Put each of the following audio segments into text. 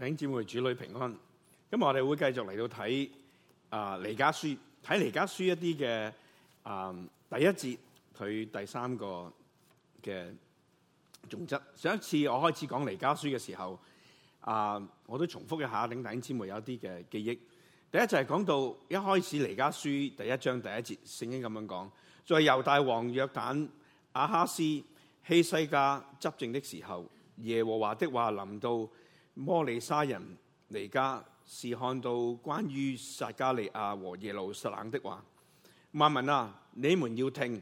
弟兄姊妹，主女平安。今日我哋會繼續嚟到睇啊、呃、彌迦書，睇彌迦書一啲嘅啊第一節，佢第三個嘅重則。上一次我開始講彌迦書嘅時候，啊、呃，我都重複一下，等弟兄姊妹有一啲嘅記憶。第一就係、是、講到一開始彌迦書第一章第一節，聖經咁樣講，在、就、猶、是、大王約旦亞哈斯希西家執政的時候，耶和華的話臨到。摩利沙人彌迦是看到關於撒加利亞和耶路撒冷的話。萬民啊，你們要聽，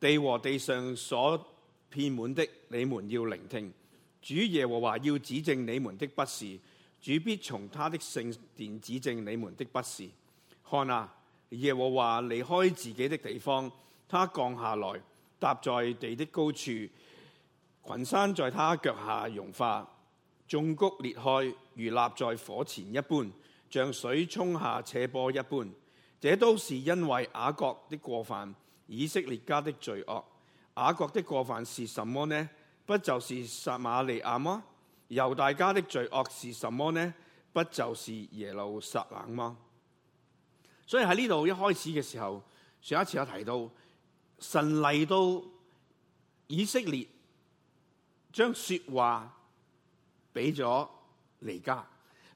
地和地上所遍滿的，你們要聆聽。主耶和華要指正你們的不是，主必從他的聖殿指正你們的不是。看啊，耶和華離開自己的地方，他降下來，踏在地的高處，群山在他腳下融化。眾谷裂開，如立在火前一般，像水沖下斜坡一般。這都是因為雅各的過犯，以色列家的罪惡。雅各的過犯是什麼呢？不就是撒瑪利亞嗎？猶大家的罪惡是什麼呢？不就是耶路撒冷嗎？所以喺呢度一開始嘅時候，上一次有提到神嚟到以色列，將說話。俾咗彌迦，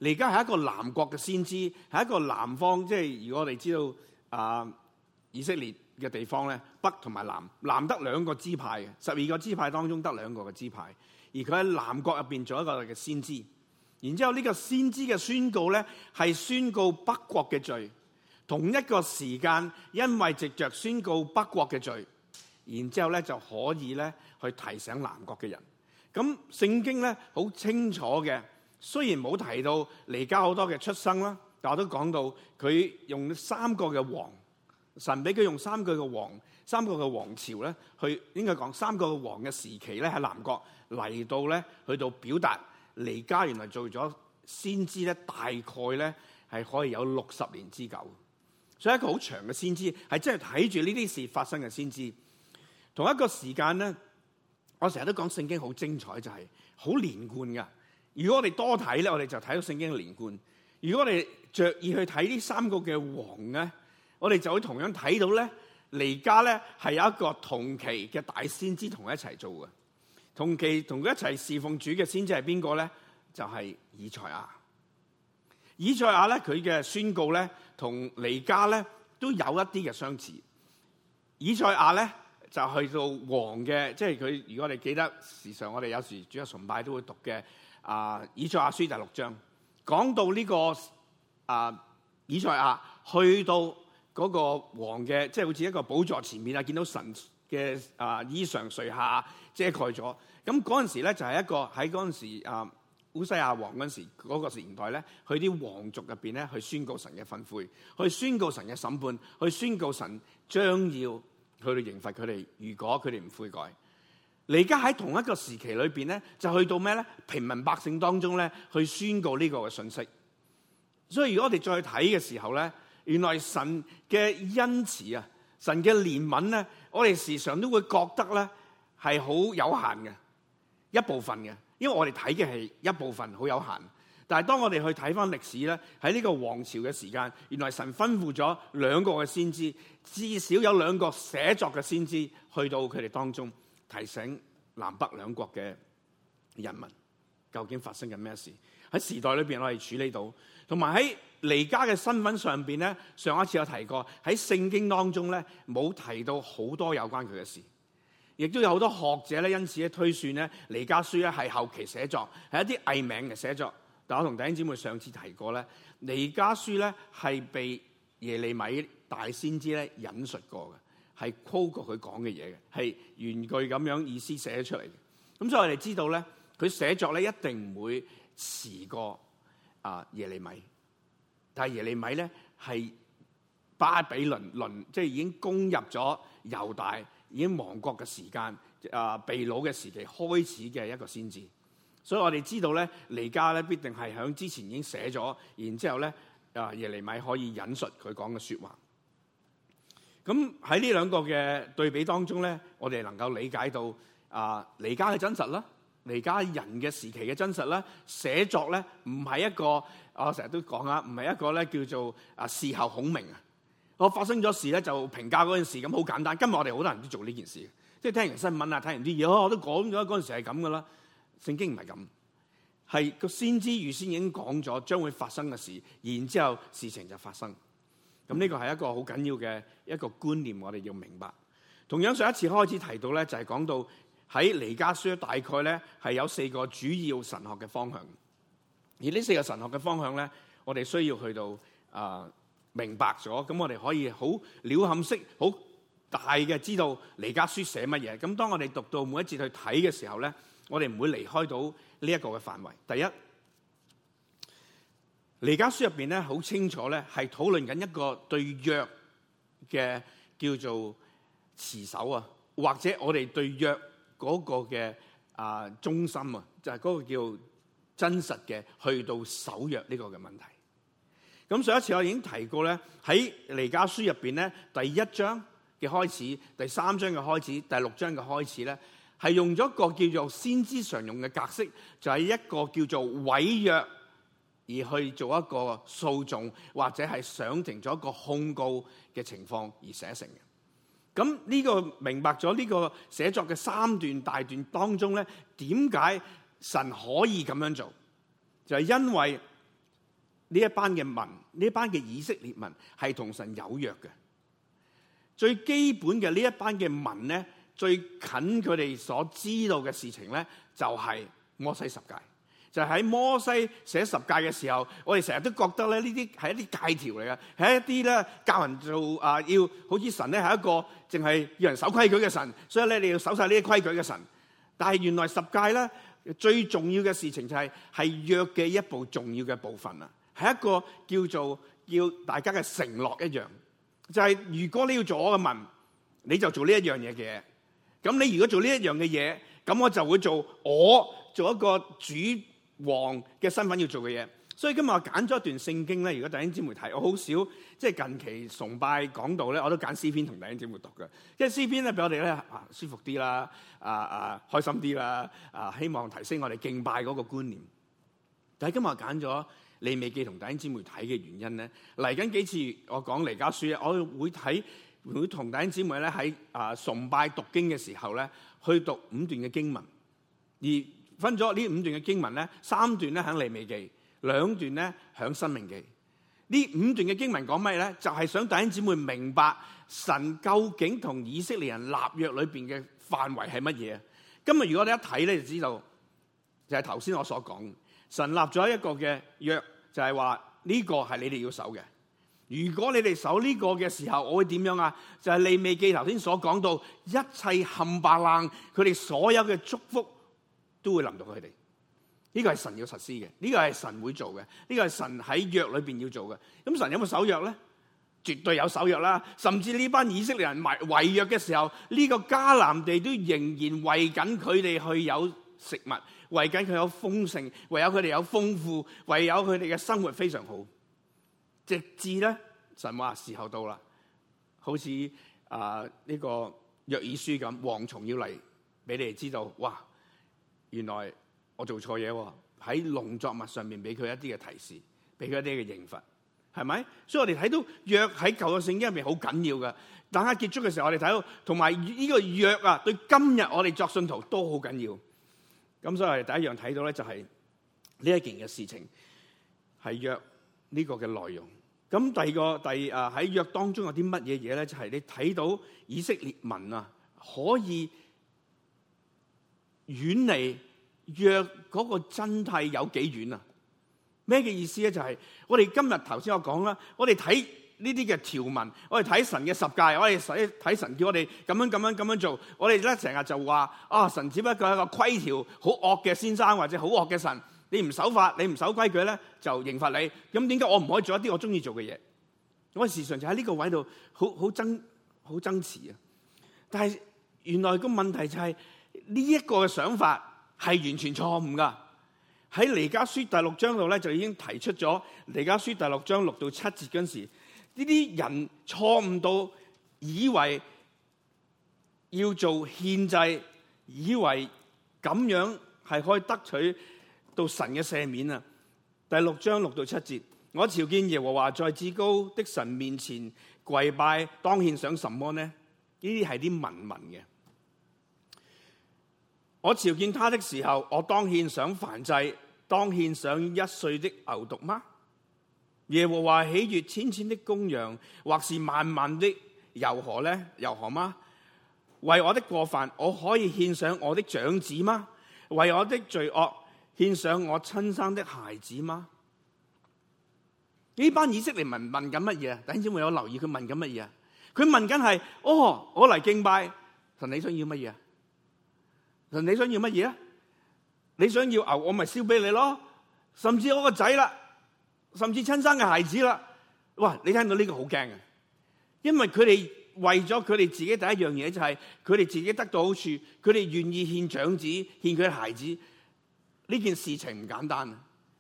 彌迦係一個南國嘅先知，係一個南方，即係如果我哋知道啊以色列嘅地方咧，北同埋南，南得兩個支派嘅，十二個支派當中得兩個嘅支派，而佢喺南國入邊做一個嘅先知，然之後呢個先知嘅宣告咧，係宣告北國嘅罪，同一個時間因為藉着宣告北國嘅罪，然之後咧就可以咧去提醒南國嘅人。咁聖經咧好清楚嘅，雖然冇提到彌迦好多嘅出生啦，但我都講到佢用三個嘅王，神俾佢用三個嘅王、三個嘅王朝咧，去應該講三個嘅王嘅時期咧喺南國嚟到咧，去到表達彌迦。原來做咗先知咧，大概咧係可以有六十年之久，所以一個好長嘅先知係真係睇住呢啲事發生嘅先知，同一個時間咧。我成日都講聖經好精彩，就係好連貫噶。如果我哋多睇咧，我哋就睇到聖經連貫。如果我哋着意去睇呢三個嘅王咧，我哋就會同樣睇到咧。彌迦咧係有一個同期嘅大先知同佢一齊做嘅。同期同佢一齊侍奉主嘅先知係邊個咧？就係以賽亞。以賽亞咧，佢嘅宣告咧，同彌迦咧都有一啲嘅相似。以賽亞咧。就去到王嘅，即係佢。如果我哋記得時常，我哋有時主日崇拜都會讀嘅啊，以賽亞書第六章，講到呢個啊，以賽亞去到嗰個王嘅，即係好似一個寶座前面啊，見到神嘅啊衣裳垂下遮蓋咗。咁嗰陣時咧，就係一個喺嗰陣時啊烏西亞王嗰陣時嗰個時代咧，佢啲王族入面咧，去宣告神嘅憤悔，去宣告神嘅審判，去宣告神將要。去到刑罰佢哋，如果佢哋唔悔改，你而家喺同一個時期裏邊咧，就去到咩咧？平民百姓當中咧，去宣告呢個嘅信息。所以如果我哋再去睇嘅時候咧，原來神嘅恩慈啊，神嘅憐憫咧，我哋時常都會覺得咧係好有限嘅，一部分嘅，因為我哋睇嘅係一部分，好有限。但係當我哋去睇翻歷史咧，喺呢個王朝嘅時間，原來神吩咐咗兩個嘅先知，至少有兩個寫作嘅先知去到佢哋當中，提醒南北兩國嘅人民究竟發生緊咩事。喺時代裏邊我哋處理到，同埋喺彌迦嘅新聞上邊咧，上一次有提過喺聖經當中咧，冇提到好多有關佢嘅事，亦都有好多學者咧因此咧推算咧彌迦書咧係後期寫作，係一啲偽名嘅寫作。嗱，我同弟兄姊妹上次提過咧，彌迦書咧係被耶利米大先知咧引述過嘅，係 Quote 佢講嘅嘢嘅，係原句咁樣意思寫出嚟嘅。咁所以我哋知道咧，佢寫作咧一定唔會遲過啊耶利米，但係耶利米咧係巴比倫，倫即係已經攻入咗猶大，已經亡國嘅時間啊，被擄嘅時期開始嘅一個先知。所以我哋知道咧，彌迦咧必定係喺之前已經寫咗，然之後咧，啊耶利米可以引述佢講嘅說話。咁喺呢兩個嘅對比當中咧，我哋能夠理解到啊，呃、彌迦嘅真實啦，彌迦人嘅時期嘅真實啦，寫作咧唔係一個，我成日都講呀，唔係一個咧叫做啊事後孔明啊，我發生咗事咧就評價嗰件事。咁好簡單，今日我哋好多人都做呢件事，即係聽完新聞啊，睇完啲嘢，哦，我都講咗嗰陣時係咁噶啦。聖經唔係咁，係個先知預先已經講咗將會發生嘅事，然之後事情就發生。咁呢個係一個好緊要嘅一個觀念，我哋要明白。同樣上一次開始提到咧，就係講到喺彌迦書大概咧係有四個主要神學嘅方向。而呢四個神學嘅方向咧，我哋需要去到啊、呃、明白咗，咁我哋可以好鳥瞰式好大嘅知道彌迦書寫乜嘢。咁當我哋讀到每一節去睇嘅時候咧，我哋唔會離開到呢一個嘅範圍。第一，彌迦書入邊咧，好清楚咧，係討論緊一個對約嘅叫做持守啊，或者我哋對約嗰個嘅啊忠心啊，就係、是、嗰個叫真實嘅去到守約呢個嘅問題。咁上一次我已經提過咧，喺彌迦書入邊咧，第一章嘅開始、第三章嘅開始、第六章嘅開始咧。係用咗一個叫做先知常用嘅格式，就係一個叫做毀約而去做一個訴訟或者係上庭咗一個控告嘅情況而寫成嘅。咁呢個明白咗呢個寫作嘅三段大段當中咧，點解神可以咁樣做？就係因為呢一班嘅民，呢一班嘅以色列民係同神有約嘅。最基本嘅呢一班嘅民咧。最近佢哋所知道嘅事情咧，就係摩西十誡。就喺摩西寫十誡嘅時候，我哋成日都覺得咧，呢啲係一啲戒條嚟嘅，係一啲咧教人做啊，要好似神咧係一個淨係要人守規矩嘅神，所以咧你要守晒呢啲規矩嘅神。但係原來十誡咧最重要嘅事情就係係約嘅一部重要嘅部分啊，係一個叫做叫大家嘅承諾一樣。就係如果你要做我嘅民，你就做呢一樣嘢嘅。咁你如果做呢一樣嘅嘢，咁我就會做我做一個主王嘅身份要做嘅嘢。所以今日我揀咗一段聖經咧，如果弟兄姊妹睇，我好少即係、就是、近期崇拜講道咧，我都揀詩篇同弟兄姊妹讀嘅。即詩篇咧畀我哋咧啊舒服啲啦，啊啊開心啲啦，啊希望提升我哋敬拜嗰個觀念。但係今日我揀咗利未記同弟兄姊妹睇嘅原因咧，嚟緊幾次我講彌迦書，我會睇。會同弟兄姊妹咧喺啊崇拜讀經嘅時候咧，去讀五段嘅經文，而分咗呢五段嘅經文咧，三段咧響利未記，兩段咧響申命記。呢五段嘅經文講咩呢？咧？就係、是、想弟兄姊妹明白神究竟同以色列人立約裏邊嘅範圍係乜嘢。今日如果你一睇咧，就知道就係頭先我所講神立咗一個嘅約，就係話呢個係你哋要守嘅。如果你哋守呢個嘅時候，我會點樣啊？就係利未記頭先所講到，一切冚白冷，佢哋所有嘅祝福都會臨到佢哋。呢個係神要實施嘅，呢個係神會做嘅，呢個係神喺約裏邊要做嘅。咁神有冇守約咧？絕對有守約啦。甚至呢班以色列人違違約嘅時候，呢個迦南地都仍然為緊佢哋去有食物，為緊佢有豐盛，唯有佢哋有豐富，唯有佢哋嘅生活非常好，直至咧。神話時候到啦，好似啊，呢個約珥書咁蝗蟲要嚟俾你哋知道，哇！原來我做錯嘢喎，喺農作物上面俾佢一啲嘅提示，俾佢一啲嘅刑罰，係咪？所以我哋睇到約喺舊約聖經入面好緊要㗎。等下結束嘅時候我哋睇到，同埋呢個約啊，對今日我哋作信徒都好緊要。咁所以我哋第一樣睇到咧，就係呢一件嘅事情，係約呢個嘅內容。咁第二個，第二啊喺約當中有啲乜嘢嘢咧？就係、是、你睇到以色列民啊，可以遠離約嗰個真諦有幾遠啊？咩嘅意思咧？就係、是、我哋今日頭先我講啦，我哋睇呢啲嘅條文，我哋睇神嘅十誡，我哋使睇神叫我哋咁樣咁樣咁樣做，我哋咧成日就話啊、哦，神只不過係一個規條，好惡嘅先生或者好惡嘅神。你唔守法，你唔守規矩咧，就刑罰你。咁點解我唔可以做一啲我中意做嘅嘢？我時常就喺呢個位度好好爭、好爭持啊！但係原來個問題就係呢一個嘅想法係完全錯誤噶。喺彌迦書第六章度咧就已經提出咗。彌迦書第六章六到七節嗰陣時，呢啲人錯誤到以為要做獻祭，以為咁樣係可以得取到神嘅赦免啊！第六章六到七節，我朝見耶和華在至高的神面前跪拜，當獻上什麼呢？呢啲係啲文文嘅。我朝見他的時候，我當獻上燔祭，當獻上一歲的牛犢嗎？耶和華喜悅千千的公羊，或是萬萬的油河呢？油河嗎？為我的過犯，我可以獻上我的長子嗎？為我的罪惡？獻上我親生的孩子嗎？呢班以色列民問緊乜嘢？等陣會有留意佢問緊乜嘢？佢問緊係，哦，我嚟敬拜神，你想要乜嘢？神你想要乜嘢啊？你想要牛，我咪燒俾你咯。甚至我個仔啦，甚至親生嘅孩子啦。哇！你聽到呢個好驚呀，因為佢哋為咗佢哋自己第一樣嘢就係佢哋自己得到好處，佢哋願意獻長子，獻佢嘅孩子。呢件事情唔簡單啊！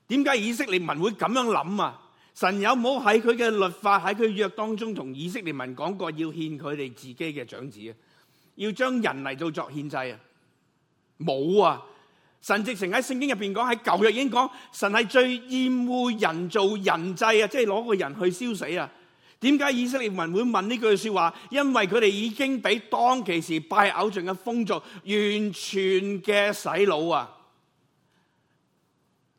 點解以色列民會咁樣諗啊？神有冇喺佢嘅律法喺佢約當中同以色列民講過要獻佢哋自己嘅長子啊？要將人嚟做作獻祭啊？冇啊！神直情喺聖經入面講喺舊約已經講神係最厭惡人做人祭啊！即係攞個人去燒死啊！點解以色列民會問呢句説話？因為佢哋已經俾當其時拜偶像嘅風俗完全嘅洗腦啊！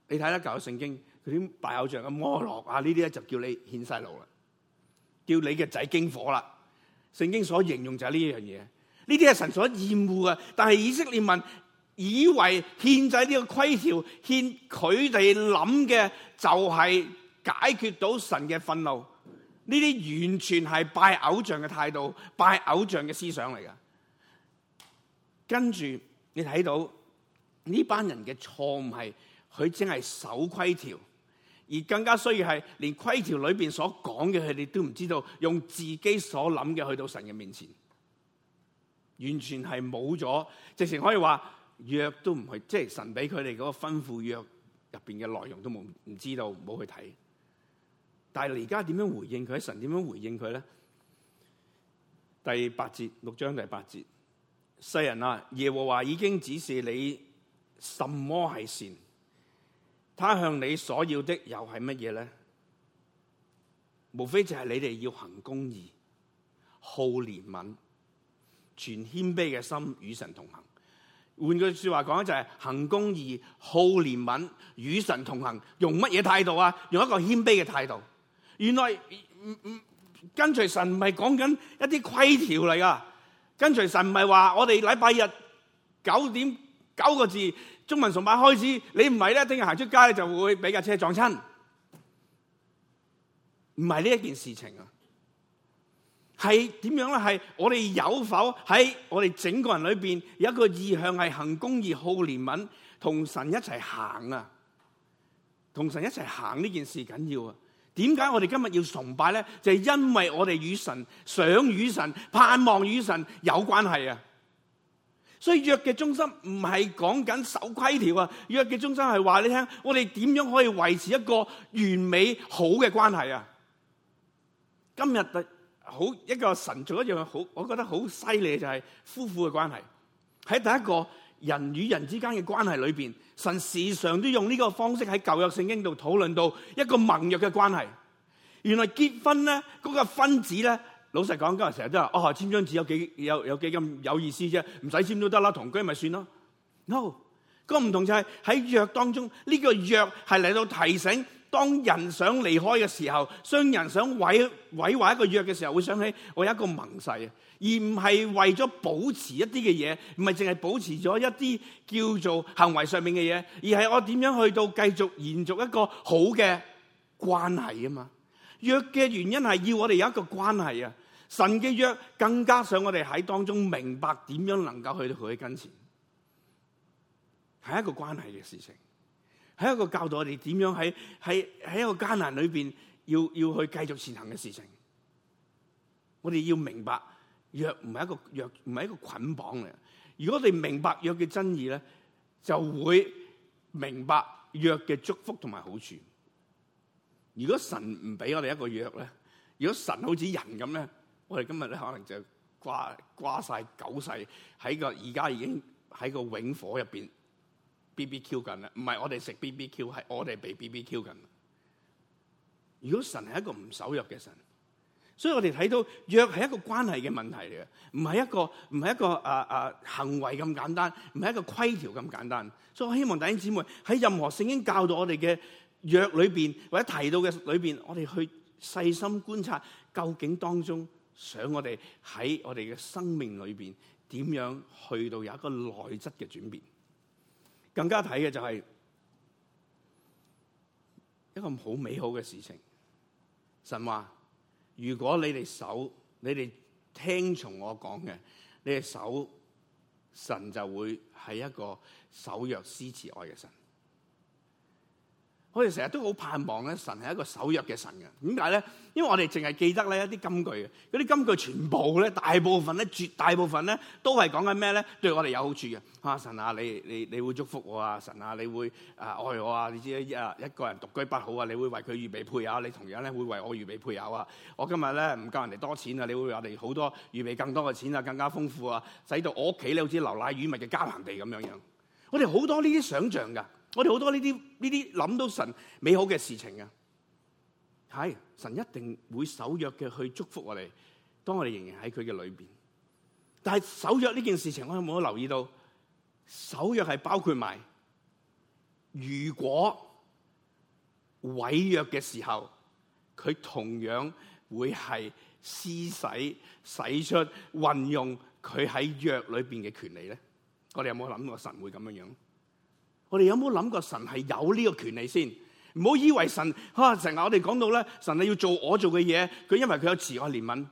你睇得舊嘅聖經，佢啲拜偶像嘅摩洛啊，呢啲咧就叫你獻細路啦，叫你嘅仔經火啦。聖經所形容就係呢樣嘢，呢啲係神所厭惡嘅。但係以色列民以為獻祭呢個規條，獻佢哋諗嘅就係解決到神嘅憤怒。呢啲完全係拜偶像嘅態度，拜偶像嘅思想嚟噶。跟住你睇到呢班人嘅錯誤係。佢正係守規條，而更加需要係連規條裏邊所講嘅，佢哋都唔知道，用自己所諗嘅去到神嘅面前，完全係冇咗，直情可以話約都唔去，即係神俾佢哋嗰個吩咐約入邊嘅內容都冇，唔知道，唔好去睇。但係你而家點樣回應佢？神點樣回應佢咧？第八節，六章第八節，世人啊，耶和華已經指示你什麼係善。他向你所要的又係乜嘢咧？無非就係你哋要行公義、好憐憫、全謙卑嘅心與神同行。換句說話講就係、是、行公義、好憐憫、與神同行。用乜嘢態度啊？用一個謙卑嘅態度。原來跟隨神唔係講緊一啲規條嚟噶，跟隨神唔係話我哋禮拜日九點九個字。中文崇拜開始，你唔係咧，聽日行出街就會俾架車撞親。唔係呢一件事情啊，係點樣咧？係我哋有否喺我哋整個人裏邊有一個意向功而，係行公義、好憐憫，同神一齊行啊？同神一齊行呢件事緊要啊？點解我哋今日要崇拜咧？就係、是、因為我哋與神想與神盼望與神有關係啊！所以約嘅中心唔係講緊守規條啊，約嘅中心係話你聽，我哋點樣可以維持一個完美好嘅關係啊？今日好一個神做一樣嘢好，我覺得好犀利就係、是、夫婦嘅關係。喺第一個人與人之間嘅關係裏邊，神時常都用呢個方式喺舊約聖經度討論到一個盟約嘅關係。原來結婚咧，嗰、那個分子咧。老實講，今日成日都話哦，簽張紙有幾有有幾咁有意思啫？唔使簽都得啦，同居咪算咯。No，個唔同就係喺約當中，呢個約係嚟到提醒，當人想離開嘅時候，當人想毀毀壞一個約嘅時候，會想起我有一個盟誓啊，而唔係為咗保持一啲嘅嘢，唔係淨係保持咗一啲叫做行為上面嘅嘢，而係我點樣去到繼續延續一個好嘅關係啊嘛。約嘅原因係要我哋有一個關係啊。神嘅約更加想我哋喺當中明白點樣能夠去到佢嘅跟前，係一個關係嘅事情，係一個教導我哋點樣喺喺喺一個艱難裏邊要要去繼續前行嘅事情。我哋要明白約唔係一個約唔係一個捆綁嘅。如果我哋明白約嘅真義咧，就會明白約嘅祝福同埋好處。如果神唔俾我哋一個約咧，如果神好似人咁咧，我哋今日咧，可能就瓜瓜晒九世，喺個而家已經喺個永火入邊 B B Q 緊啦。唔係我哋食 B B Q，係我哋被 B B Q 緊。如果神係一個唔守約嘅神，所以我哋睇到約係一個關係嘅問題嚟嘅，唔係一個唔係一個誒誒、啊啊、行為咁簡單，唔係一個規條咁簡單。所以我希望弟兄姊妹喺任何聖經教導我哋嘅約裏邊或者提到嘅裏邊，我哋去細心觀察究竟當中。想我哋喺我哋嘅生命裏邊，點樣去到有一個內質嘅轉變？更加睇嘅就係一個好美好嘅事情。神話，如果你哋守，你哋聽從我講嘅，你哋守，神就會係一個守約施慈愛嘅神。我哋成日都好盼望咧，神係一個守約嘅神嘅。點解咧？因為我哋淨係記得咧一啲金句嘅，嗰啲金句全部咧，大部分咧，絕大部分咧，都係講緊咩咧？對我哋有好處嘅。啊，神啊，你你你會祝福我啊，神啊，你會啊愛我啊，你知啊，一個人獨居不好啊，你會為佢預備配偶啊，你同樣咧會為我預備配偶啊。我今日咧唔夠人哋多錢啊，你會為我哋好多預備更多嘅錢啊，更加豐富啊，使到我屋企咧好似流奶與蜜嘅迦南地咁樣樣。我哋好多呢啲想象㗎。我哋好多呢啲呢啲諗到神美好嘅事情啊，係神一定會守約嘅去祝福我哋，當我哋仍然喺佢嘅裏邊。但係守約呢件事情，我有冇留意到？守約係包括埋如果毀約嘅時候，佢同樣會係施使、使出、運用佢喺約裏邊嘅權利咧。我哋有冇諗過神會咁樣樣？我哋有冇諗過神係有呢個權利先？唔好以為神啊成日我哋講到咧，神係要做我做嘅嘢，佢因為佢有慈愛憐憫，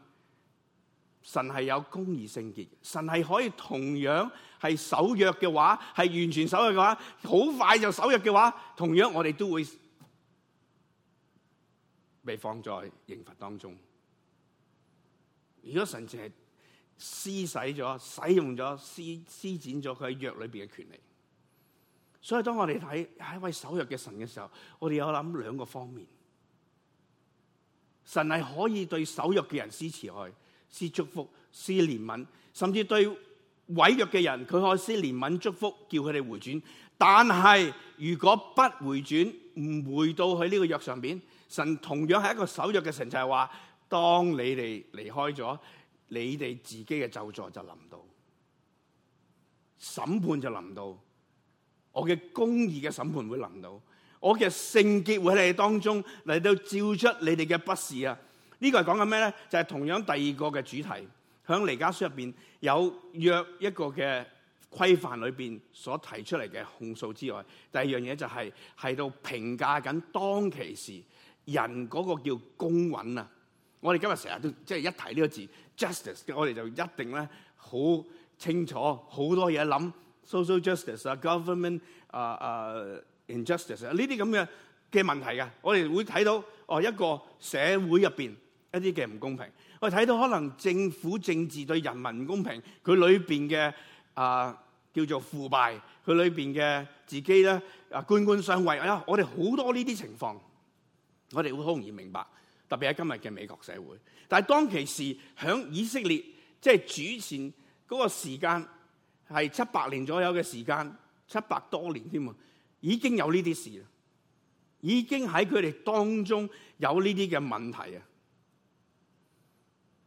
神係有公義聖潔，神係可以同樣係守約嘅話，係完全守約嘅話，好快就守約嘅話，同樣我哋都會被放在刑罰當中。如果神淨係施使咗、使用咗、施施展咗佢喺約裏邊嘅權利。所以，當我哋睇係一位守約嘅神嘅時候，我哋有想兩個方面。神係可以對守約嘅人施慈愛、施祝福、施憐憫，甚至對毀約嘅人，佢可以施憐憫、祝福，叫佢哋回轉。但是如果不回轉，唔回到這呢個約上面，神同樣係一個守約嘅神，就係、是、話：當你哋離開咗，你哋自己嘅咒詛就臨到，審判就臨到。我嘅公義嘅審判會臨到，我嘅聖潔會喺你哋當中嚟到照出你哋嘅不義啊！呢個係講緊咩咧？就係、是、同樣第二個嘅主題，響彌迦書入邊有約一個嘅規範裏邊所提出嚟嘅控訴之外，第二樣嘢就係係到評價緊當其時人嗰個叫公允啊！我哋今日成日都即係一提呢個字 justice，我哋就一定咧，好清楚好多嘢諗。social justice 啊，government 啊啊，injustice 啊，呢啲咁嘅嘅問題啊，我哋會睇到哦一個社會入邊一啲嘅唔公平，我哋睇到可能政府政治對人民唔公平，佢裏邊嘅啊叫做腐敗，佢裏邊嘅自己咧啊官官相衛啊，我哋好多呢啲情況，我哋會好容易明白，特別喺今日嘅美國社會。但係當其時響以色列即係、就是、主前嗰個時間。係七百年左右嘅時間，七百多年添啊，已經有呢啲事，已經喺佢哋當中有呢啲嘅問題啊。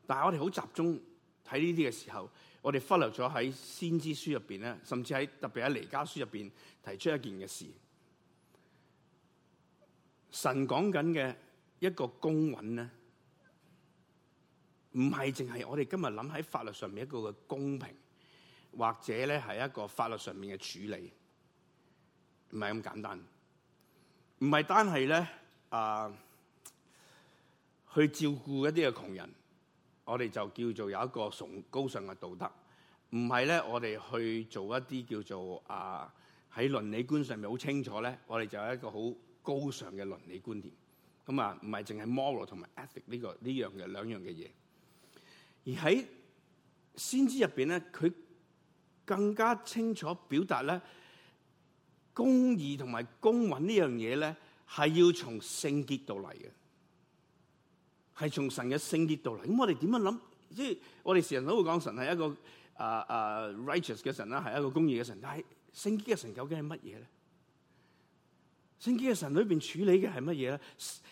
但係我哋好集中睇呢啲嘅時候，我哋忽略咗喺先知書入邊咧，甚至喺特別喺彌迦書入邊提出一件嘅事。神講緊嘅一個公允咧，唔係淨係我哋今日諗喺法律上面一個嘅公平。或者咧係一個法律上面嘅處理，唔係咁簡單，唔係單係咧啊，去照顧一啲嘅窮人，我哋就叫做有一個高尚嘅道德，唔係咧我哋去做一啲叫做啊喺倫理觀上面好清楚咧，我哋就有一個好高尚嘅倫理觀念，咁啊唔係淨係 moral 同埋 ethic 呢、呢個呢樣嘅兩樣嘅嘢，而喺先知入邊咧，佢，更加清楚表達咧公義同埋公允呢樣嘢咧，係要從聖潔度嚟嘅，係從神嘅聖潔度嚟。咁我哋點樣諗？即係我哋時常都會講神係一個啊啊 righteous 嘅神啦，係一個公義嘅神。但係聖潔嘅神究竟係乜嘢咧？聖潔嘅神裏邊處理嘅係乜嘢咧？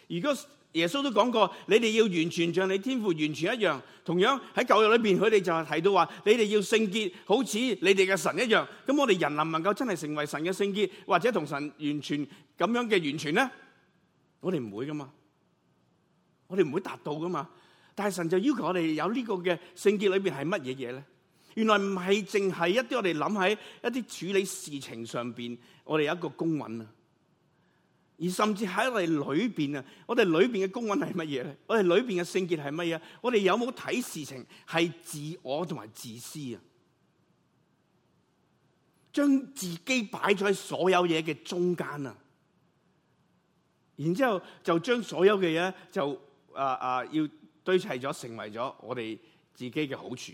如果耶穌都講過，你哋要完全像你天父完全一樣。同樣喺舊約裏邊，佢哋就係提到話，你哋要聖潔，好似你哋嘅神一樣。咁我哋人能唔能夠真係成為神嘅聖潔，或者同神完全咁樣嘅完全呢？我哋唔會噶嘛，我哋唔會達到噶嘛。但係神就要求我哋有呢個嘅聖潔裏邊係乜嘢嘢呢？原來唔係淨係一啲我哋諗喺一啲處理事情上邊，我哋有一個公允啊。而甚至喺我哋裏邊啊，我哋裏邊嘅公允係乜嘢咧？我哋裏邊嘅聖潔係乜嘢？我哋有冇睇事情係自我同埋自私啊？將自己擺咗喺所有嘢嘅中間啊，然之後就將所有嘅嘢就啊啊要堆砌咗，成為咗我哋自己嘅好處，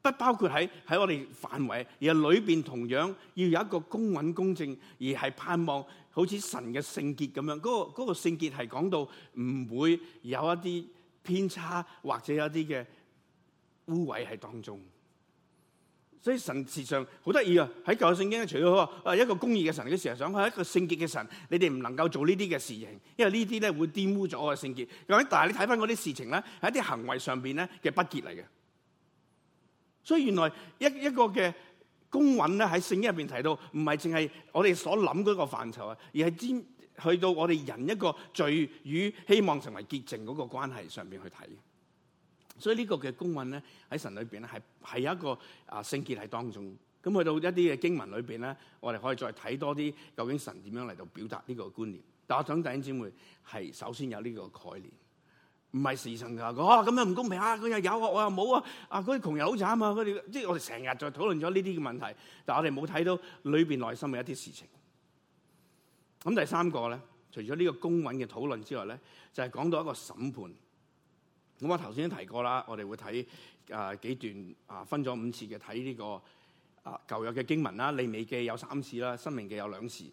不包括喺喺我哋範圍，而係裏邊同樣要有一個公允公正，而係盼望，好似神嘅聖潔咁樣，嗰個嗰個聖潔係講到唔會有一啲偏差或者有一啲嘅污穢喺當中。所以神事實上好得意啊！喺舊嘅聖經，除咗話誒一個公義嘅神，佢成日想話一個聖潔嘅神，你哋唔能夠做呢啲嘅事情，因為呢啲咧會玷污咗我嘅聖潔。咁但係你睇翻嗰啲事情咧，係一啲行為上邊咧嘅不潔嚟嘅。所以原來一一個嘅。公允咧喺聖經入邊提到，唔係淨係我哋所諗嗰個範疇啊，而係尖去到我哋人一個罪與希望成為潔淨嗰個關係上邊去睇。所以呢個嘅公允咧喺神裏邊咧，係係有一個啊聖潔喺當中。咁去到一啲嘅經文裏邊咧，我哋可以再睇多啲究竟神點樣嚟到表達呢個觀念。但我想弟兄姊妹係首先有呢個概念。唔係時剩㗎，哦咁、啊、樣唔公平啊！佢又有啊，我又冇啊！啊，啲窮人好慘啊！佢哋即係我哋成日就討論咗呢啲嘅問題，但係我哋冇睇到裏邊內心嘅一啲事情。咁第三個咧，除咗呢個公允嘅討論之外咧，就係、是、講到一個審判。咁我話頭先都提過啦，我哋會睇啊幾段啊分咗五次嘅睇呢個啊舊約嘅經文啦，利未記有三次啦，申命記有兩次。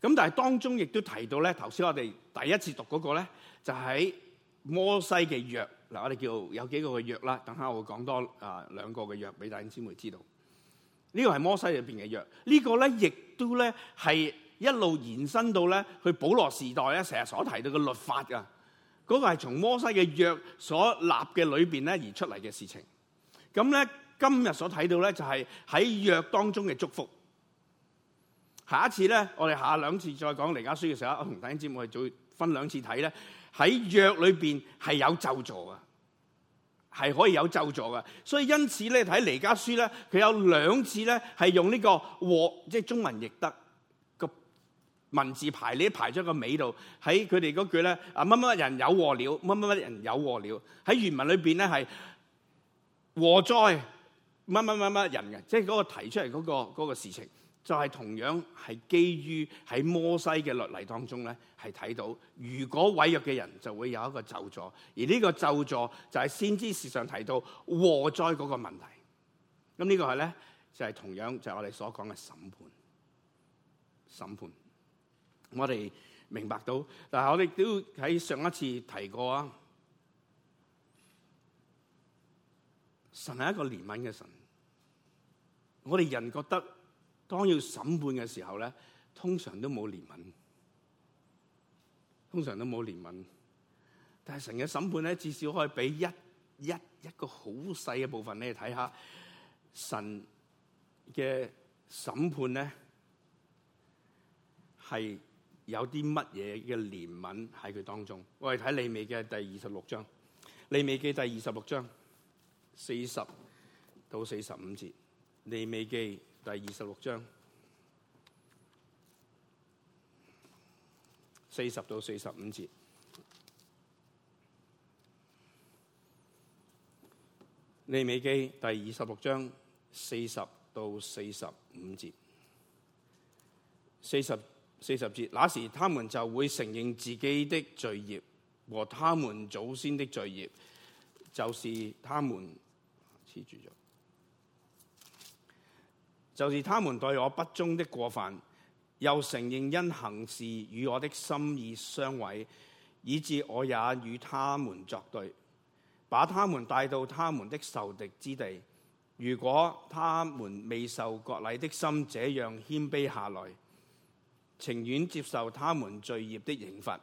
咁但係當中亦都提到咧，頭先我哋第一次讀嗰個咧，就喺、是。摩西嘅約嗱，我哋叫有幾個嘅約啦。等下我會講多啊兩個嘅約俾弟兄姊妹知道。呢、這個係摩西裏邊嘅約，呢、這個咧亦都咧係一路延伸到咧去保羅時代咧成日所提到嘅律法噶。嗰、這個係從摩西嘅約所立嘅裏邊咧而出嚟嘅事情。咁咧今日所睇到咧就係喺約當中嘅祝福。下一次咧，我哋下兩次再講彌迦書嘅時候，我同弟兄姊妹做分兩次睇咧。喺約裏邊係有救助嘅，係可以有救助嘅，所以因此咧睇彌迦書咧，佢有兩次咧係用呢個禍，即係中文譯得個文字排列排咗個尾度喺佢哋嗰句咧，啊乜乜人有禍了，乜乜乜人有禍了，喺原文裏邊咧係禍災乜乜乜乜人嘅，即係嗰個提出嚟嗰、嗰個嗰、嗰個事情。就係同樣係基於喺摩西嘅律例當中咧，係睇到如果毀約嘅人就會有一個咒詛。而呢個咒詛，就係先知事上提到禍災嗰個問題。咁呢個係咧就係、是、同樣就係我哋所講嘅審判、審判。我哋明白到，但嗱我哋都喺上一次提過啊。神係一個憐憫嘅神，我哋人覺得。當要審判嘅時候咧，通常都冇憐憫，通常都冇憐憫。但係神嘅審判咧，至少可以俾一一一個好細嘅部分，你哋睇下神嘅審判咧係有啲乜嘢嘅憐憫喺佢當中。我哋睇利未嘅第二十六章，利未記第二十六章四十到四十五節，利未記。第二十六章，四十到四十五節。利未記第二十六章，四十到四十五節，四十四十節。那時他們就會承認自己的罪孽和他們祖先的罪孽，就是他們黐住咗。就是他們對我不忠的過犯，又承認因行事與我的心意相違，以致我也與他們作對，把他們帶到他們的仇敵之地。如果他們未受割禮的心這樣謙卑下來，情願接受他們罪孽的刑罰，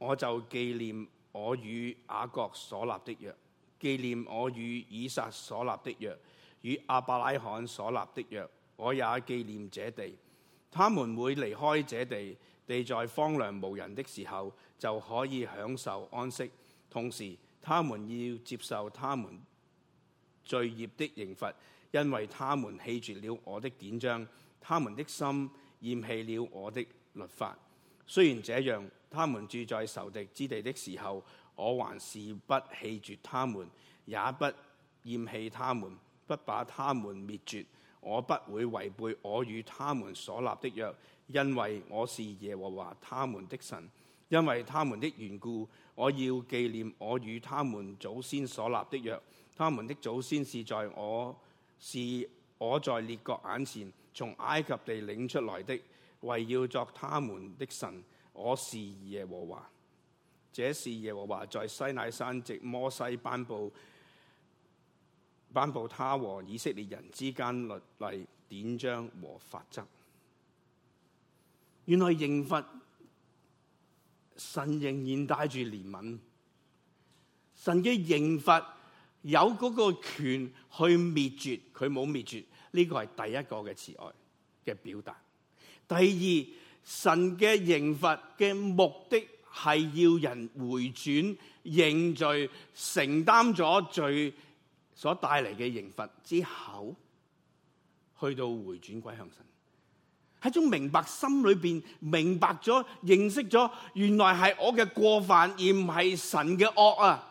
我就紀念我與雅各所立的約，紀念我與以撒所立的約。與亞伯拉罕所立的約，我也紀念這地。他們會離開這地，地在荒涼無人的時候就可以享受安息。同時，他們要接受他們罪孽的刑罰，因為他們棄絕了我的典章，他們的心厭棄了我的律法。雖然這樣，他們住在仇敵之地的時候，我還是不棄絕他們，也不厭棄他們。不把他們滅絕，我不會違背我與他們所立的約，因為我是耶和華他們的神，因為他們的緣故，我要紀念我與他們祖先所立的約。他們的祖先是在我是我在列國眼前從埃及地領出來的，為要作他們的神，我是耶和華。這是耶和華在西乃山藉摩西頒布。頒布他和以色列人之間律例典章和法則。原來刑罰，神仍然帶住憐憫。神嘅刑罰有嗰個權去滅絕，佢冇滅絕，呢個係第一個嘅慈愛嘅表達。第二，神嘅刑罰嘅目的係要人回轉認罪，承擔咗罪。所帶嚟嘅刑罰之後，去到回轉歸向神係一種明白，心裏面，明白咗認識咗，原來係我嘅過犯，而唔係神嘅惡啊，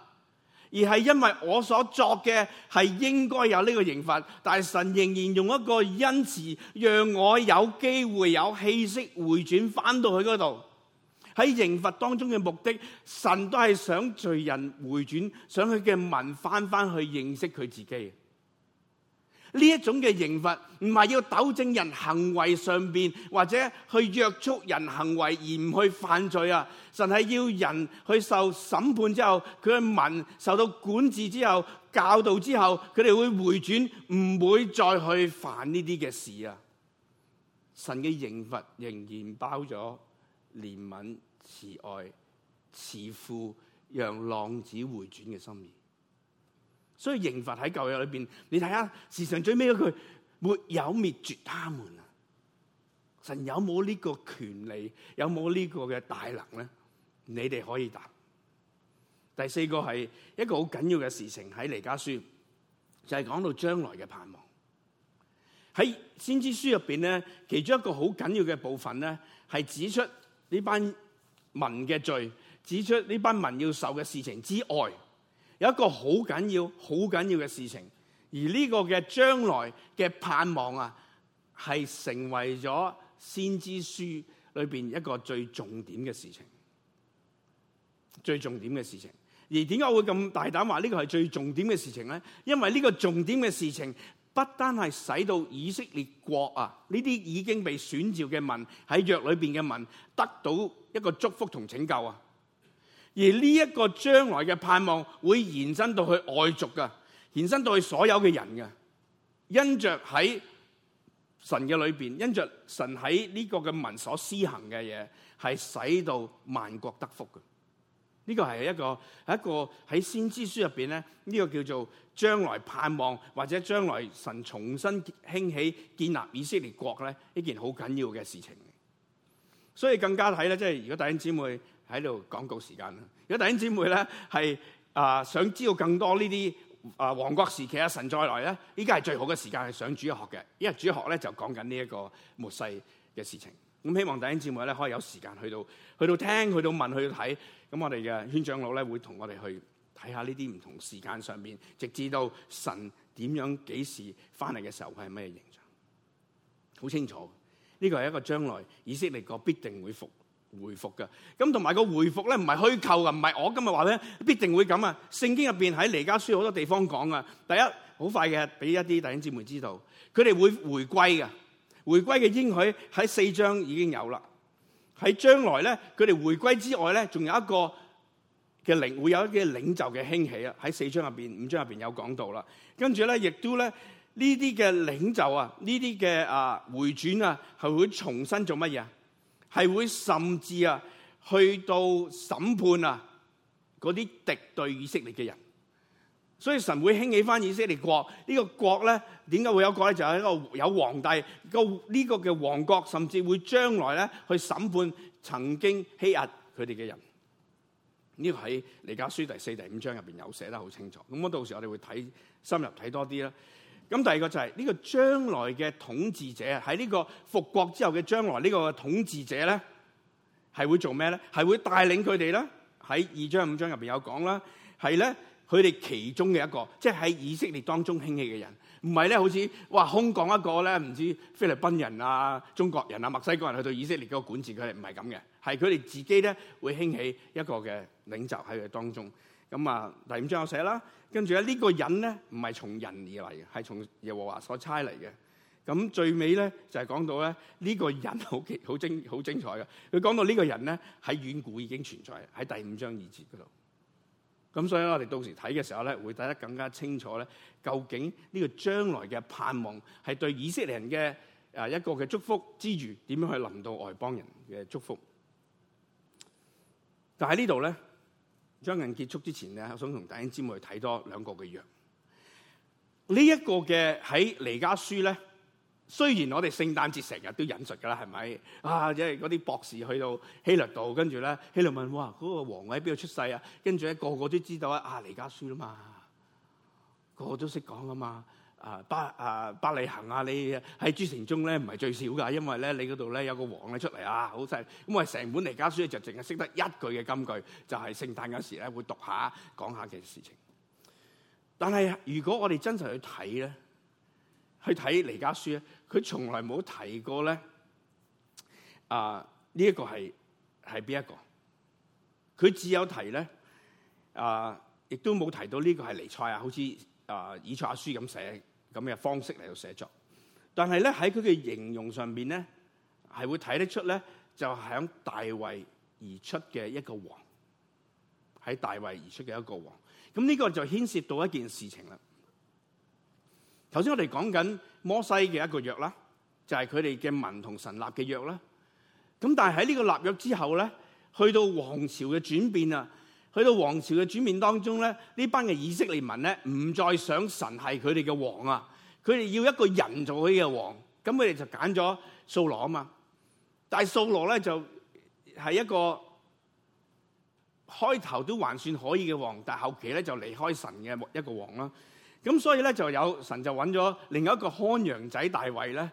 而係因為我所作嘅係應該有呢個刑罰，但係神仍然用一個恩慈，讓我有機會有氣息轉回轉翻到去佢嗰度。喺刑罰當中嘅目的，神都係想罪人回轉，想佢嘅民返返去認識佢自己。呢一種嘅刑罰唔係要糾正人行為上面，或者去約束人行為而唔去犯罪啊！神係要人去受審判之後，佢嘅民受到管治之後、教導之後，佢哋會回轉，唔會再去犯呢啲嘅事啊！神嘅刑罰仍然包咗憐憫。慈愛、慈父讓浪子回轉嘅心意，所以刑罰喺舊約裏邊，你睇下，事實上最尾一句，沒有滅絕他們啊！神有冇呢個權利？有冇呢個嘅大能咧？你哋可以答。第四個係一個好緊要嘅事情喺彌迦書，就係、是、講到將來嘅盼望。喺先知書入邊咧，其中一個好緊要嘅部分咧，係指出呢班。民嘅罪，指出呢班民要受嘅事情之外，有一個好緊要、好緊要嘅事情，而呢個嘅將來嘅盼望啊，係成為咗先知書裏邊一個最重點嘅事情，最重點嘅事情。而點解我會咁大膽話呢個係最重點嘅事情咧？因為呢個重點嘅事情不單係使到以色列國啊，呢啲已經被選召嘅民喺約裏邊嘅民得到。一個祝福同拯救啊，而呢一個將來嘅盼望會延伸到去外族噶，延伸到去所有嘅人噶。因着喺神嘅裏邊，因着神喺呢個嘅民所施行嘅嘢，係使到萬國得福嘅。呢個係一個係一個喺先知書入邊咧，呢個叫做將來盼望或者將來神重新興起建立以色列國咧，一件好緊要嘅事情。所以更加睇咧，即係如果弟兄姊妹喺度廣告時間啦。如果弟兄姊妹咧係啊，想知道更多呢啲啊王國時期啊神再來咧，依家係最好嘅時間係上主學嘅，因為主學咧就講緊呢一個末世嘅事情。咁希望弟兄姊妹咧可以有時間去到去到聽、去到問、去到睇。咁我哋嘅圈長老咧會我看看同我哋去睇下呢啲唔同時間上面，直至到神點樣幾時翻嚟嘅時候佢係咩形象，好清楚。呢個係一個將來以色列國必定會復回復嘅，咁同埋個回復咧唔係虛構嘅，唔係我今日話咧必定會咁啊！聖經入邊喺彌迦書好多地方講啊，第一好快嘅，俾一啲弟兄姊妹知道，佢哋會回歸嘅，回歸嘅應許喺四章已經有啦。喺將來咧，佢哋回歸之外咧，仲有一個嘅領會有一啲領袖嘅興起啦，喺四章入邊、五章入邊有講到啦。跟住咧，亦都咧。呢啲嘅領袖啊，呢啲嘅啊回轉啊，係會重新做乜嘢？係會甚至啊，去到審判啊，嗰啲敵對以色列嘅人。所以神會興起翻以色列國，呢、這個國咧，點解會有國咧？就係一個有皇帝、這個呢個嘅王國，甚至會將來咧去審判曾經欺壓佢哋嘅人。呢、這個喺彌迦書第四、第五章入邊有寫得好清楚。咁我到時我哋會睇深入睇多啲啦。咁第二個就係呢個將來嘅統治者，喺呢個復國之後嘅將來呢個統治者咧係會做咩咧？係會帶領佢哋咧，喺二章五章入邊有講啦，係咧，佢哋其中嘅一個，即係喺以色列當中興起嘅人，唔係咧好似哇空講一個咧，唔知菲律賓人啊、中國人啊、墨西哥人去到以色列嗰個管治，佢哋唔係咁嘅，係佢哋自己咧會興起一個嘅領袖喺佢當中。咁啊，第五章我寫啦，跟住咧呢個人咧唔係從人而嚟，係從耶和華所差嚟嘅。咁最尾咧就係講到咧呢個人好奇、好精、好精彩嘅。佢講到呢個人咧喺遠古已經存在喺第五章二節嗰度。咁所以我哋到時睇嘅時候咧，會睇得更加清楚咧，究竟呢個將來嘅盼望係對以色列人嘅啊一個嘅祝福之餘，點樣去臨到外邦人嘅祝福？但喺呢度咧。將近結束之前咧，我想同弟兄姐妹睇多兩個嘅樣。這個、在家書呢一個嘅喺彌迦書咧，雖然我哋聖誕節成日都引述噶啦，係咪啊？即係嗰啲博士去到希律度，跟住咧希律問：哇，嗰、那個王位喺邊度出世啊？跟住咧個個都知道啊，阿、啊、彌迦書啦嘛，個個都識講啊嘛。啊，伯啊伯利恆啊，你喺諸城中咧唔係最少噶，因為咧你嗰度咧有個王咧出嚟啊，好細！咁我成本彌迦書咧就淨係識得一句嘅金句，就係聖誕有時咧會讀下講下嘅事情。但係如果我哋真實去睇咧，去睇彌迦書咧，佢從來冇提過咧啊呢一個係係邊一個？佢只有提咧啊，亦、呃、都冇提到呢個係尼賽啊，好似。啊，以賽亞書咁寫咁嘅方式嚟到寫作，但係咧喺佢嘅形容上邊咧，係會睇得出咧就響大衛而出嘅一個王，喺大衛而出嘅一個王。咁呢個就牽涉到一件事情啦。頭先我哋講緊摩西嘅一個約啦，就係佢哋嘅民同神立嘅約啦。咁但係喺呢個立約之後咧，去到王朝嘅轉變啊。去到王朝嘅轉變當中咧，呢班嘅以色列民咧唔再想神係佢哋嘅王啊，佢哋要一個人做佢嘅王，咁佢哋就揀咗掃羅啊嘛。但係掃羅咧就係、是、一個開頭都還算可以嘅王，但後期咧就離開神嘅一個王啦。咁所以咧就有神就揾咗另一個看羊仔大衛咧，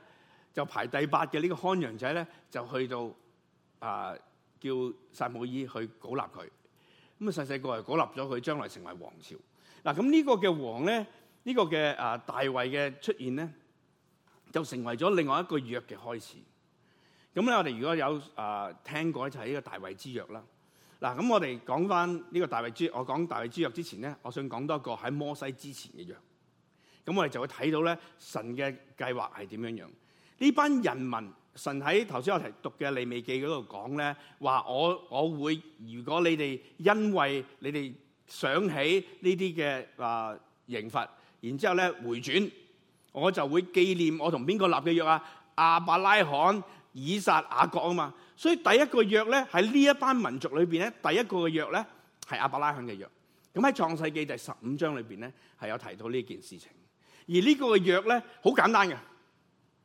就排第八嘅呢個看羊仔咧就去到啊、呃、叫撒母耳去膏立佢。咁啊，細細個就膏立咗佢，將來成為王朝。嗱，咁、這、呢個嘅王咧，呢個嘅大衛嘅出現咧，就成為咗另外一個約嘅開始。咁咧，我哋如果有啊、呃、聽過就係呢個大衛之約啦。嗱，咁我哋講翻呢個大衛之我講大衛之約之前咧，我想講多一個喺摩西之前嘅約。咁我哋就會睇到咧，神嘅計劃係點樣樣？呢班人民。神喺頭先我係讀嘅利未記嗰度講咧，話我我會，如果你哋因為你哋想起呢啲嘅啊刑罰，然之後咧回轉，我就會紀念我同邊個立嘅約啊？亞伯拉罕、以撒、雅各啊嘛，所以第一個約咧喺呢一班民族裏邊咧，第一個嘅約咧係亞伯拉罕嘅約。咁喺創世記第十五章裏邊咧係有提到呢件事情，而呢個嘅約咧好簡單嘅，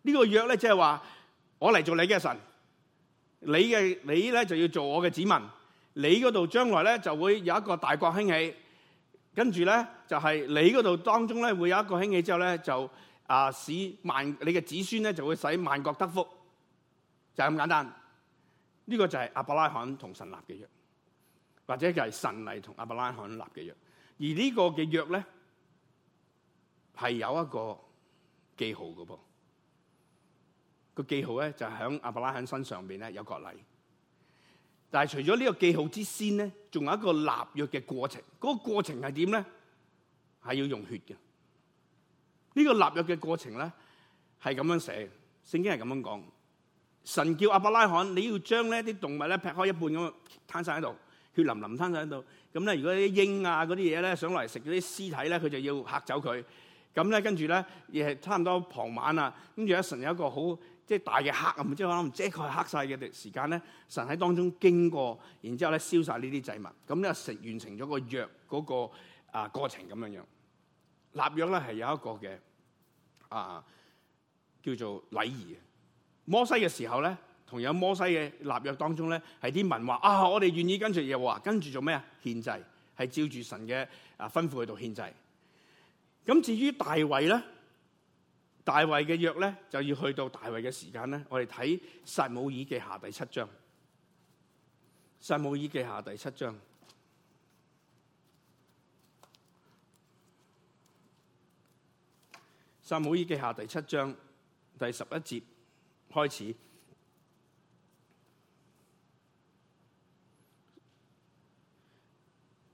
呢個約咧即係話。我嚟做你嘅神，你嘅你咧就要做我嘅子民。你嗰度將來咧就會有一個大國興起，跟住咧就係、是、你嗰度當中咧會有一個興起之後咧就啊使萬你嘅子孫咧就會使萬國得福，就咁簡單。呢、這個就係亞伯拉罕同神立嘅約，或者就係神嚟同亞伯拉罕立嘅約。而這個約呢個嘅約咧係有一個記號嘅噃。個記號咧就喺亞伯拉罕身上邊咧有割禮，但係除咗呢個記號之先咧，仲有一個立約嘅過程。嗰個過程係點咧？係要用血嘅。呢個立約嘅過程咧係咁樣寫，聖經係咁樣講。神叫亞伯拉罕，你要將呢啲動物咧劈開一半咁攤晒喺度，血淋淋攤晒喺度。咁咧如果啲鷹啊嗰啲嘢咧想嚟食啲屍體咧，佢就要嚇走佢。咁咧跟住咧亦係差唔多傍晚啊，跟住阿神有一個好。即係大嘅黑暗，即係可能即係佢黑晒嘅時間咧，神喺當中經過，然之後咧燒晒呢啲祭物，咁咧食完成咗個約嗰個啊過程咁樣樣。立約咧係有一個嘅啊叫做禮儀。摩西嘅時候咧，同樣摩西嘅立約當中咧係啲民話啊，我哋願意跟隨耶和華，跟住做咩啊？獻祭係照住神嘅啊吩咐去度獻祭。咁至於大衛咧。大衛嘅約呢，就要去到大衛嘅時間呢，我哋睇撒母耳記下第七章，撒母耳記下第七章，撒母耳記下第七章第十一節開始，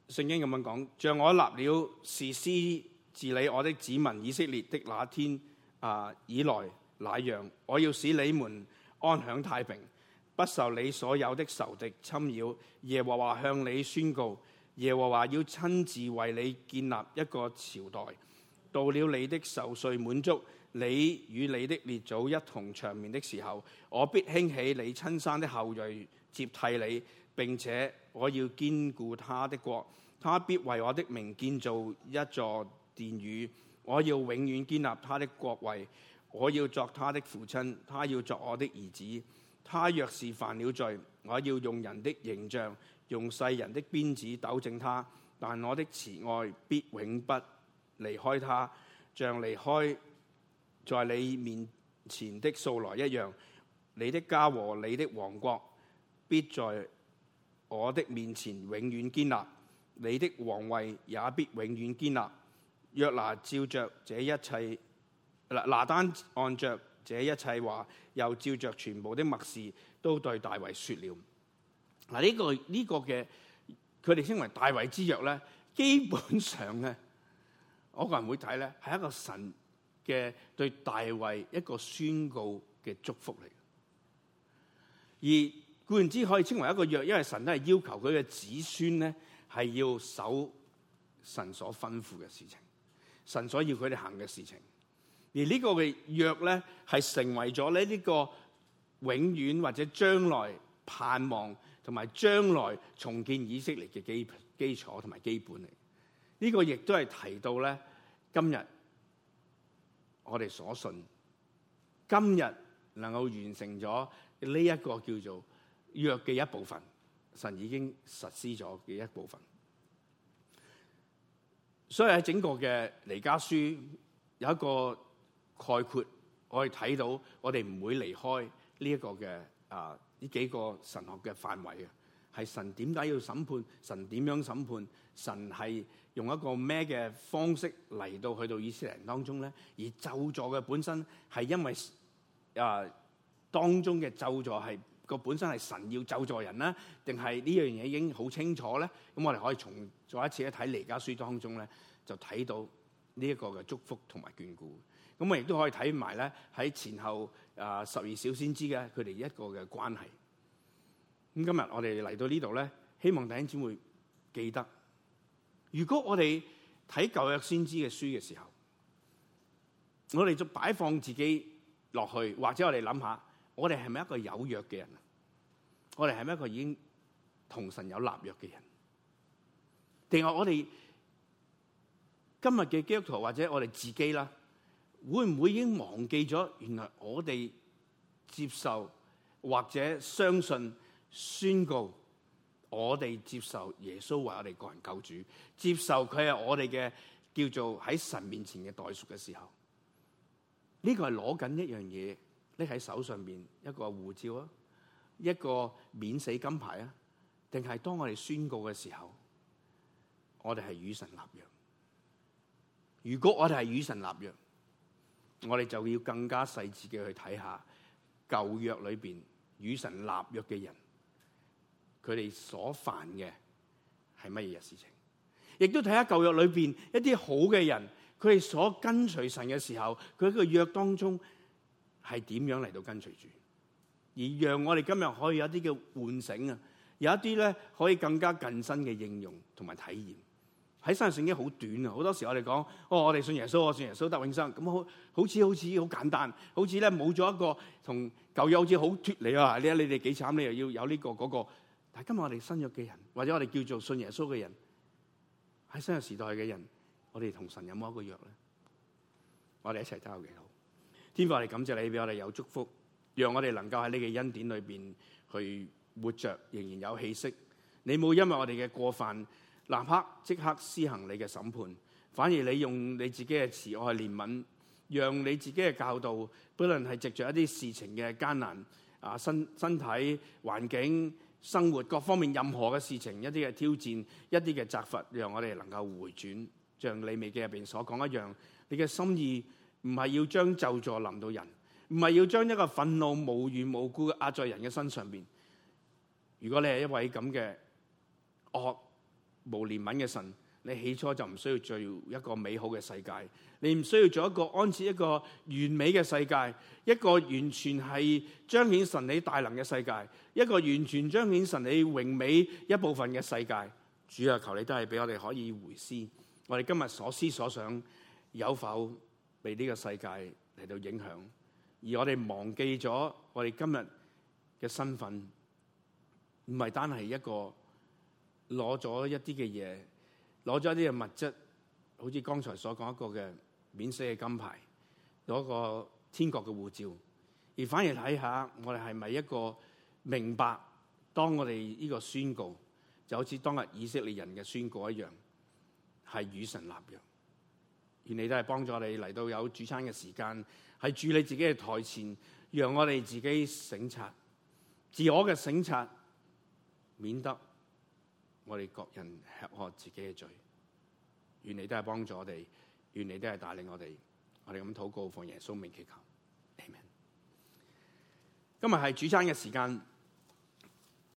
聖經咁樣講，像我立了士師治理我的子民以色列的那天，啊！以來那樣，我要使你們安享太平，不受你所有的仇敵侵擾。耶和華向你宣告：耶和華要親自為你建立一個朝代。到了你的壽數滿足，你與你的列祖一同長眠的時候，我必興起你親生的後裔接替你，並且我要堅固他的國。他必為我的名建造一座殿宇。我要永遠堅立他的國位，我要作他的父親，他要作我的兒子。他若是犯了罪，我要用人的形象，用世人的鞭子糾正他。但我的慈愛必永不離開他，像離開在你面前的掃羅一樣。你的家和你的王國必在我的面前永遠堅立，你的王位也必永遠堅立。約拿照着這一切，嗱拿單按着這一切話，又照着全部的默示都對大衛說了。嗱、呢、呢個呢、呢個嘅，佢哋稱為大衛之約咧，基本上咧，我個人會睇咧，係一個神嘅對大衛一個宣告嘅祝福嚟。而固然之可以稱為一個約，因為神都係要求佢嘅子孫咧，係要守神所吩咐嘅事情。神所要佢哋行嘅事情，而這個呢個嘅約咧，係成為咗呢呢個永遠或者將來盼望同埋將來重建以色列嘅基基礎同埋基本嚟。呢、這個亦都係提到咧，今日我哋所信，今日能夠完成咗呢一個叫做約嘅一部分，神已經實施咗嘅一部分。所以喺整個嘅彌迦書有一個概括，我哋睇到我哋唔會離開呢一個嘅啊呢幾個神學嘅範圍嘅，係神點解要審判？神點樣審判？神係用一個咩嘅方式嚟到去到以色列人當中呢？而咒詛嘅本身係因為啊當中嘅咒詛係。個本身係神要救助人啦，定係呢樣嘢已經好清楚咧？咁我哋可以從再一次咧睇《彌迦書》當中咧，就睇到，到呢一個嘅祝福同埋眷顧。咁我亦都可以睇埋咧喺前後啊十二小先知嘅佢哋一個嘅關係。咁今日我哋嚟到這裏呢度咧，希望弟兄姊妹記得，如果我哋睇舊約先知嘅書嘅時候，我哋就擺放自己落去，或者我哋諗下。我哋係咪一個有約嘅人啊？我哋係咪一個已經同神有立約嘅人？定係我哋今日嘅基督徒或者我哋自己啦，會唔會已經忘記咗原來我哋接受或者相信宣告我哋接受耶穌為我哋個人救主，接受佢係我哋嘅叫做喺神面前嘅代贖嘅時候？呢、這個係攞緊一樣嘢。你喺手上邊一個護照啊，一個免死金牌啊，定係當我哋宣告嘅時候，我哋係與神立約。如果我哋係與神立約，我哋就要更加細緻嘅去睇下舊約裏邊與神立約嘅人，佢哋所犯嘅係乜嘢嘅事情，亦都睇下舊約裏邊一啲好嘅人，佢哋所跟隨神嘅時候，佢喺個約當中，係點樣嚟到跟隨住，而讓我哋今日可以有一啲叫喚醒啊，有一啲咧可以更加近身嘅應用同埋體驗。喺新約聖經好短啊，好多時我哋講，哦，我哋信耶穌，我信耶穌得永生，咁好好似好似好簡單，好似咧冇咗一個同舊約好似好脫離啊！你睇你哋幾慘，你又要有呢個嗰個。但係今日我哋新約嘅人，或者我哋叫做信耶穌嘅人，喺新約時代嘅人，我哋同神有冇一個約咧？我哋一齊加油嘅。天父，我哋感謝你俾我哋有祝福，讓我哋能夠喺你嘅恩典裏邊去活著，仍然有氣息。你冇因為我哋嘅過犯，立刻即刻施行你嘅審判，反而你用你自己嘅慈愛憐憫，讓你自己嘅教導，不論係藉着一啲事情嘅艱難啊，身，身體環境生活各方面，任何嘅事情，一啲嘅挑戰，一啲嘅責罰，讓我哋能夠回轉，像彌迦書入邊所講一樣，你嘅心意。唔係要將咒詛臨到人，唔係要將一個憤怒無緣無故壓在人嘅身上面。如果你係一位咁嘅惡無憐憫嘅神，你起初就唔需要做一個美好嘅世界，你唔需要做一個安置一個完美嘅世界，一個完全係彰顯神理大能嘅世界，一個完全彰顯神理榮美一部分嘅世界。主啊，求你都係俾我哋可以回思，我哋今日所思所想有否？被呢個世界嚟到影響，而我哋忘記咗我哋今日嘅身份，唔係單係一個攞咗一啲嘅嘢，攞咗一啲嘅物質，好似剛才所講一個嘅免死嘅金牌，攞個天國嘅護照，而反而睇下我哋係咪一個明白，當我哋呢個宣告，就好似當日以色列人嘅宣告一樣，係與神立約。原嚟都係幫助你哋嚟到有主餐嘅時間，係主你自己嘅台前，讓我哋自己省察，自我嘅省察，免得我哋各人吃喝，喝自己嘅罪。原嚟都係幫助我哋，原嚟都係帶領我哋，我哋咁禱告，奉耶穌名祈求，Amen。今日係主餐嘅時間。